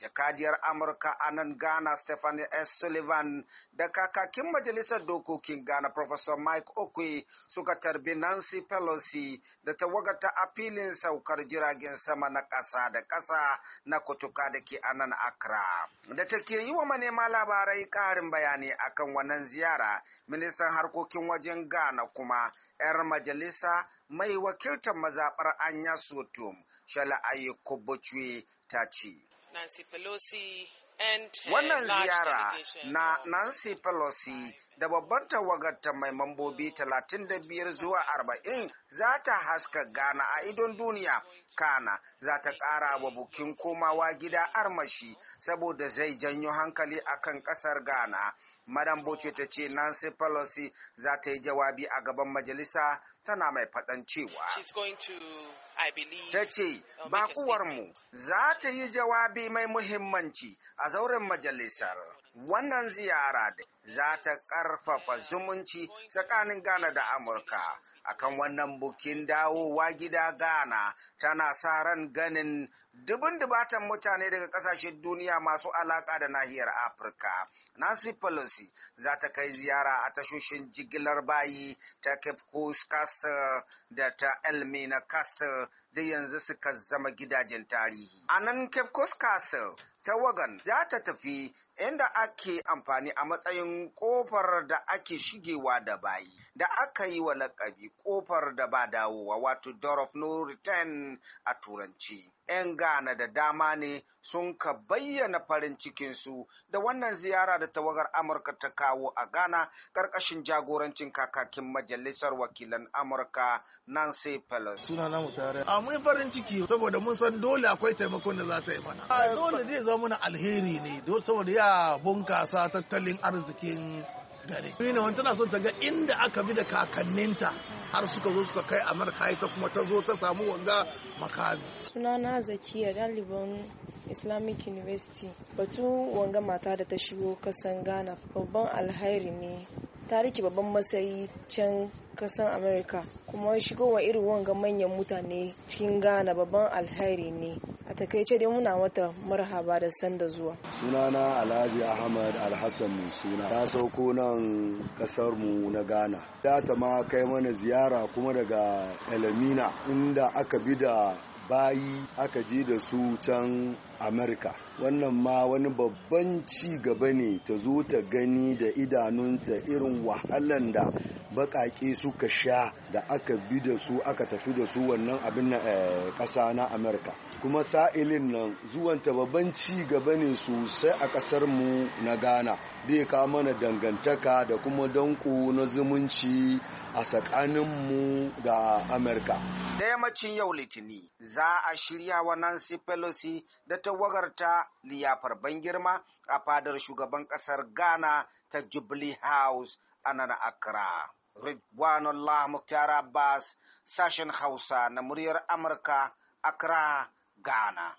jakadiyar amurka a nan ghana stephanie s sullivan da kakakin majalisar dokokin ghana professor mike okwe suka tarbi nancy pelosi da tawagata a filin saukar jiragen sama na ƙasa da ƙasa na kutuka da ke a nan accra da take yi wa manema labarai ƙarin bayani akan wannan ziyara ministan harkokin wajen ghana kuma 'yar majalisa mai wakiltar mazaɓar anya sotom shala ayi ta ce Nancy Pelosi and Wannan ziyara na Nancy Pelosi da babbar tawagarta mai mambobi 35 zuwa 40 za ta haska Ghana a idon duniya. Kana za ta ƙara wa bukin komawa gida armashi saboda zai janyo hankali akan ƙasar Ghana. Madam boce ta ce Nancy Pelosi za ta yi jawabi a gaban majalisa tana mai faɗan cewa. Ta ce, uh, bakuwarmu za ta yi jawabi mai muhimmanci a zauren majalisar. Wannan ziyara za ta ƙarfafa zumunci tsakanin Ghana da Amurka. Akan wannan bukin dawowa gida Ghana tana sa ran ganin dubin dubatan mutane daga ƙasashen duniya masu alaƙa da nahiyar Afirka. Nancy Pelosi za ta kai ziyara a tashoshin jigilar bayi ta Cape Coast Castle da ta Elmina Castle da yanzu suka zama gidajen tarihi. A nan Cape Coast Castle, tawagan za ta tafi inda ake amfani a matsayin kofar da ake shigewa da bayi da aka yi wa lakabi kofar da ba dawowa wato door of no return a turanci 'yan Ghana da dama ne sun ka bayyana farin cikinsu da wannan ziyara da tawagar Amurka ta kawo a Ghana ƙarƙashin jagorancin kakakin Majalisar Wakilan Amurka Nancy Pelosi. na mu tare. A mun farin ciki saboda mun san dole akwai taimakon da za ta yi mana. Dole zai zama mana alheri ne saboda ya bunkasa tattalin arzikin gari. Nina wani tana so ta ga inda aka bi da kakanninta har suka zo suka kai Amurka ita kuma ta zo ta samu wanga makami. Sunana Zakiya ɗaliban Islamic University batu wanga mata da ta shigo kasan Ghana babban alhairi ne ta riki babban masayi can kasan Amerika kuma shigowa irin wanga manyan mutane cikin Ghana babban alhairi ne takaice dai muna mata marhaba da sanda zuwa sunana alhaji ahmad alhassan mai suna ta sauko nan kasar mu na ghana ta ma kai mana ziyara kuma daga elamina inda aka bi da bayi aka je da su can Amerika. Wannan ma wani babban ci gaba ne ta zo ta gani da idanunta irin wahalan da baƙaƙe suka sha da aka bi da su aka tafi da su wannan abin na eh, ƙasa na Amerika. Kuma sa'ilin nan zuwanta babban ci gaba ne sosai a ƙasar mu na Ghana. zai kawo mana dangantaka da kuma danko na zumunci a tsakaninmu da amurka da yammacin yau litini za a shirya wa nancy pelosi da tawagarta liyafar ban girma a fadar shugaban ƙasar ghana ta jubilee house a nan accra ridwanullah muktar abbas sashen hausa na muryar amurka accra ghana